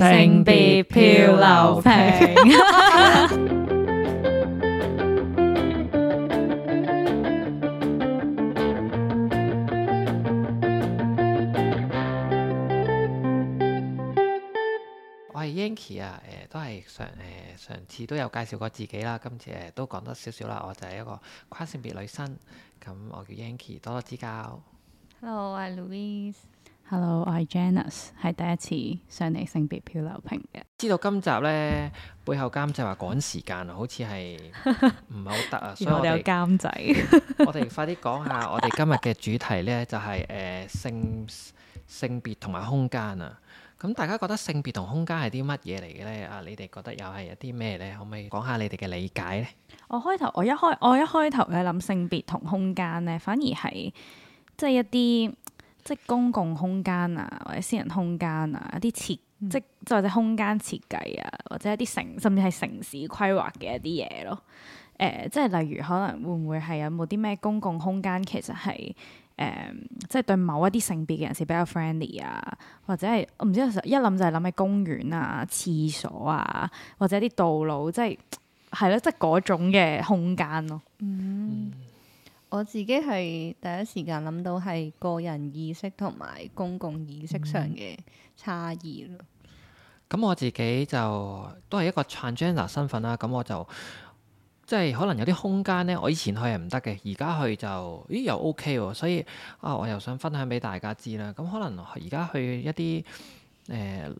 性別漂流瓶。我係 Yenkie 啊，誒，都係上誒上次都有介紹過自己啦，今次誒都講得少少啦，我就係一個跨性別女生，咁我叫 Yenkie，多多指教。Hello 啊，我係 Louis。Hello，我係 Janice，係第一次上嚟性別漂流瓶嘅。知道今集呢，背後監製話趕時間啊，好似係唔係好得啊。 所以我哋有監製， 我哋快啲講下我哋今日嘅主題呢，就係、是、誒、呃、性性別同埋空間啊。咁、嗯、大家覺得性別同空間係啲乜嘢嚟嘅呢？啊，你哋覺得又係一啲咩呢？可唔可以講下你哋嘅理解呢？我開頭我一開我一開頭嘅諗性別同空間呢，反而係即係一啲。即公共空間啊，或者私人空間啊，一啲設即係即係空間設計啊，或者一啲城，甚至係城市規劃嘅一啲嘢咯。誒、呃，即係例如可能會唔會係有冇啲咩公共空間其實係誒、呃，即係對某一啲性別嘅人士比較 friendly 啊，或者係我唔知其實一諗就係諗起公園啊、廁所啊，或者啲道路，即係係咯，即係嗰種嘅空間咯。嗯我自己係第一時間諗到係個人意識同埋公共意識上嘅差異咯。咁、嗯、我自己就都係一個 transgender 身份啦，咁我就即係、就是、可能有啲空間呢，我以前去係唔得嘅，而家去就咦又 OK 喎，所以啊我又想分享俾大家知啦。咁可能而家去一啲誒。呃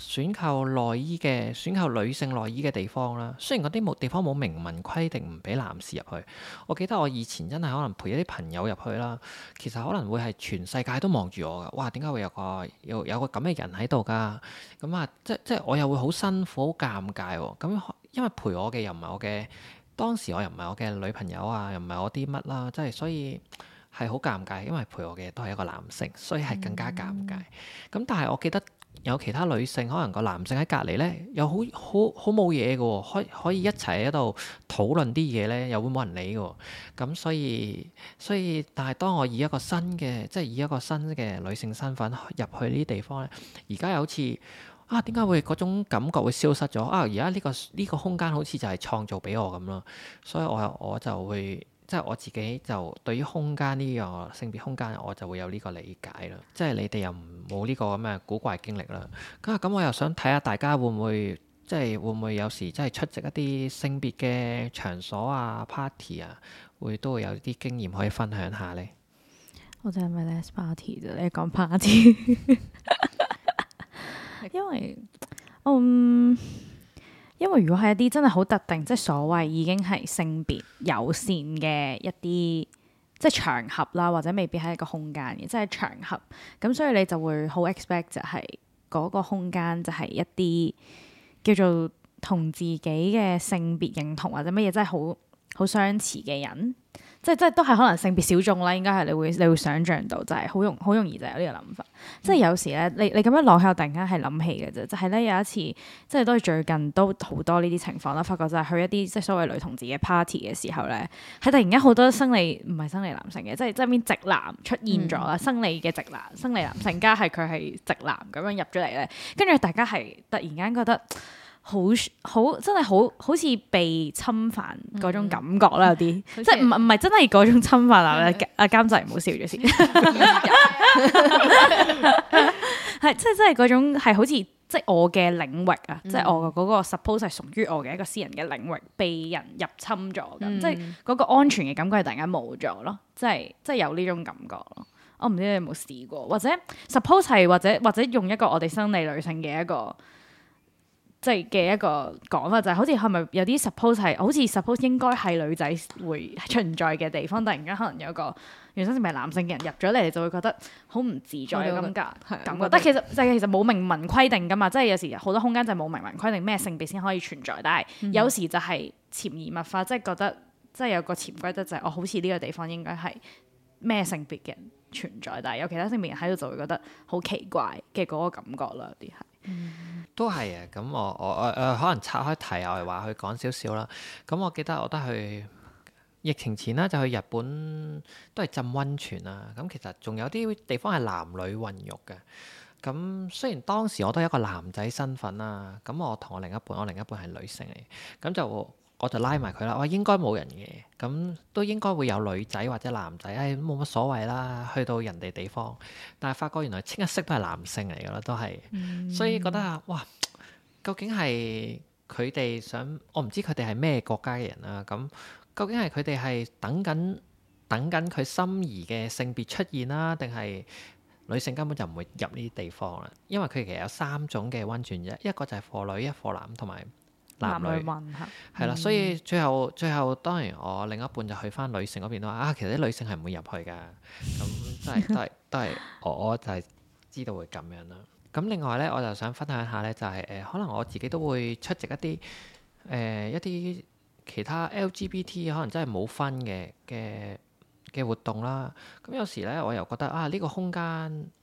選購內衣嘅，選購女性內衣嘅地方啦，雖然嗰啲地方冇明文規定唔俾男士入去，我記得我以前真係可能陪一啲朋友入去啦，其實可能會係全世界都望住我噶，哇！點解會有個有有個咁嘅人喺度噶？咁啊，即即係我又會好辛苦、好尷尬喎。咁因為陪我嘅又唔係我嘅，當時我又唔係我嘅女朋友啊，又唔係我啲乜啦，即係所以係好尷尬，因為陪我嘅都係一個男性，所以係更加尷尬。咁、嗯、但係我記得。有其他女性，可能個男性喺隔籬咧，又好好好冇嘢嘅，可以可以一齊喺度討論啲嘢咧，又會冇人理嘅喎。咁所以所以，但係當我以一個新嘅，即係以一個新嘅女性身份入去呢啲地方咧，而家又好似啊，點解會嗰種感覺會消失咗啊？而家呢個呢個空間好似就係創造俾我咁咯，所以我我就會。即係我自己就對於空間呢個性別空間我就會有呢個理解啦。即係你哋又冇呢個咁嘅古怪經歷啦。咁咁我又想睇下大家會唔會即係會唔會有時即係出席一啲性別嘅場所啊 party 啊，會都會有啲經驗可以分享下呢？我就係咪 last party 啫？你講 party，因為我因為如果係一啲真係好特定，即係所謂已經係性別友善嘅一啲即係場合啦，或者未必係一個空間嘅，即係場合咁，所以你就會好 expect 就係嗰個空間就係一啲叫做同自己嘅性別認同或者乜嘢真係好好相似嘅人。即係即係都係可能性別小眾啦，應該係你會你會想像到，就係好容好容易就有呢個諗法。嗯、即係有時咧，你你咁樣落去，我突然間係諗起嘅啫。就係、是、咧，有一次，即係都係最近都好多呢啲情況啦，發覺就係去一啲即係所謂女同志嘅 party 嘅時候咧，喺突然間好多生理唔係生理男性嘅，即係側邊直男出現咗啦，嗯、生理嘅直男、生理男性加係佢係直男咁樣入咗嚟咧，跟住大家係突然間覺得，好好真係好好似被侵犯嗰種感覺啦、嗯，有啲 像即係唔係唔係真係嗰種侵犯係唔係啊！阿監製唔好笑咗先，係即係即係嗰種係好似即係我嘅領域啊，嗯、即係我嗰、嗰個 suppose 係屬於我嘅一個私人嘅領域，被人入侵咗咁，嗯、即係嗰個安全嘅感覺係突然間冇咗咯，即係即係有呢種感覺咯。我唔知你有冇試過，或者 suppose 係或者或者，或者用一個我哋生理女性嘅一個，一個一個即係嘅一個講法就係、是，好似係咪有啲 suppose 係，好似 suppose 應該係女仔會存在嘅地方，突然間可能有個原生性係男性嘅人入咗嚟，就會覺得好唔自在嘅感覺。但其實即係 其實冇明、就是、文規定㗎嘛，即、就、係、是、有時好多空間就冇明文規定咩性別先可以存在，但係有時就係潛移默化，即、就、係、是、覺得即係、就是、有個潛規則就係、是，我、哦、好似呢個地方應該係咩性別嘅人存在，但係有其他性別人喺度就會覺得好奇怪嘅嗰個感覺啦，有啲係。嗯。都係啊，咁我我我、呃、可能拆開題外話去講少少啦。咁我記得我都去疫情前啦，就去日本都係浸温泉啊。咁其實仲有啲地方係男女混浴嘅。咁雖然當時我都係一個男仔身份啦，咁我同我另一半，我另一半係女性嚟，咁就。我就拉埋佢啦。哇，應該冇人嘅，咁都應該會有女仔或者男仔，唉，冇乜所謂啦。去到人哋地方，但係發覺原來清一色都係男性嚟噶啦，都係，所以覺得啊，哇，究竟係佢哋想，我唔知佢哋係咩國家嘅人啦。咁究竟係佢哋係等緊等緊佢心儀嘅性別出現啦，定係女性根本就唔會入呢啲地方啦？因為佢其實有三種嘅温泉啫，一個就係 for 女，一個 for 男，同埋。男女混合，係啦，所以最後最後當然我另一半就去返女性嗰邊啦。啊，其實啲女性係唔會入去嘅，咁、嗯、真係都係都係我就係知道會咁樣啦。咁、嗯、另外呢，我就想分享一下呢、就係，就係誒，可能我自己都會出席一啲誒、呃、一啲其他 LGBT 可能真係冇分嘅嘅。嘅活動啦，咁有時咧，我又覺得啊，呢個空間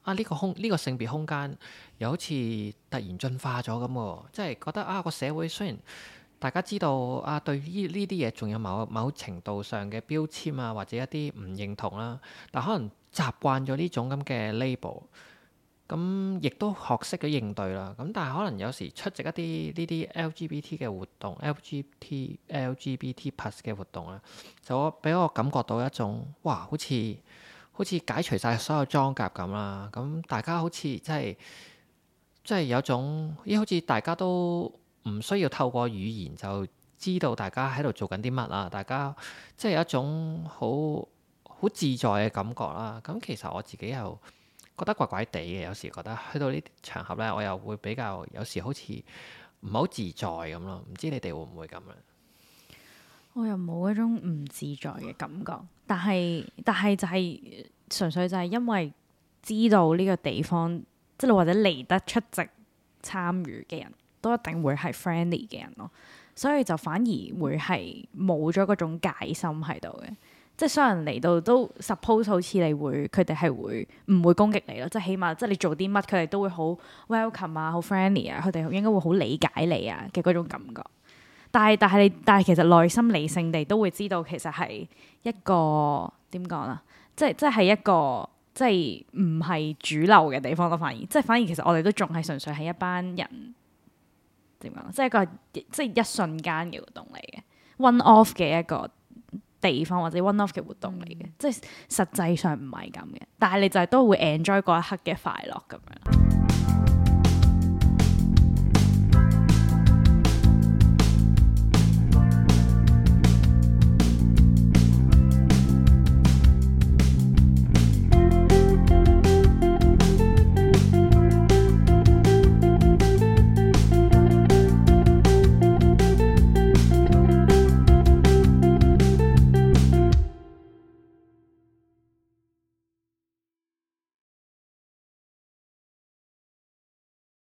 啊，呢個空呢個性別空間又好似突然進化咗咁喎，即係覺得啊，個社會雖然大家知道啊，對於呢啲嘢仲有某某程度上嘅標籤啊，或者一啲唔認同啦、啊，但可能習慣咗呢種咁嘅 label。咁亦都學識咗應對啦。咁但係可能有時出席一啲呢啲 LGBT 嘅活動，LGBT, LGBT、LGBT plus 嘅活動咧，就俾我感覺到一種，哇，好似好似解除晒所有裝甲咁啦。咁大家好似即係即係有種，依好似大家都唔需要透過語言就知道大家喺度做緊啲乜啊。大家即係有一種好好自在嘅感覺啦。咁其實我自己又～覺得怪怪地嘅，有時覺得去到呢啲場合咧，我又會比較有時好似唔係好自在咁咯。唔知你哋會唔會咁樣？我又冇嗰種唔自在嘅感覺，但係但係就係、是、純粹就係因為知道呢個地方，即係你或者嚟得出席參與嘅人都一定會係 friendly 嘅人咯，所以就反而會係冇咗嗰種戒心喺度嘅。即係雙人嚟到都 suppose 好似你會佢哋係會唔會攻擊你咯？即係起碼即係你做啲乜佢哋都會好 welcome 啊，好 friendly 啊，佢哋應該會好理解你啊嘅嗰種感覺。但係但係但係其實內心理性地都會知道其實係一個點講啊？即係即係一個即係唔係主流嘅地方咯。反而即係反而其實我哋都仲係純粹係一班人點講？即係一個即係一瞬間嘅活動嚟嘅，one off 嘅一個地方或者 one-off 嘅活動嚟嘅，即係實際上唔係咁嘅，但係你就係都會 enjoy 嗰一刻嘅快樂咁樣。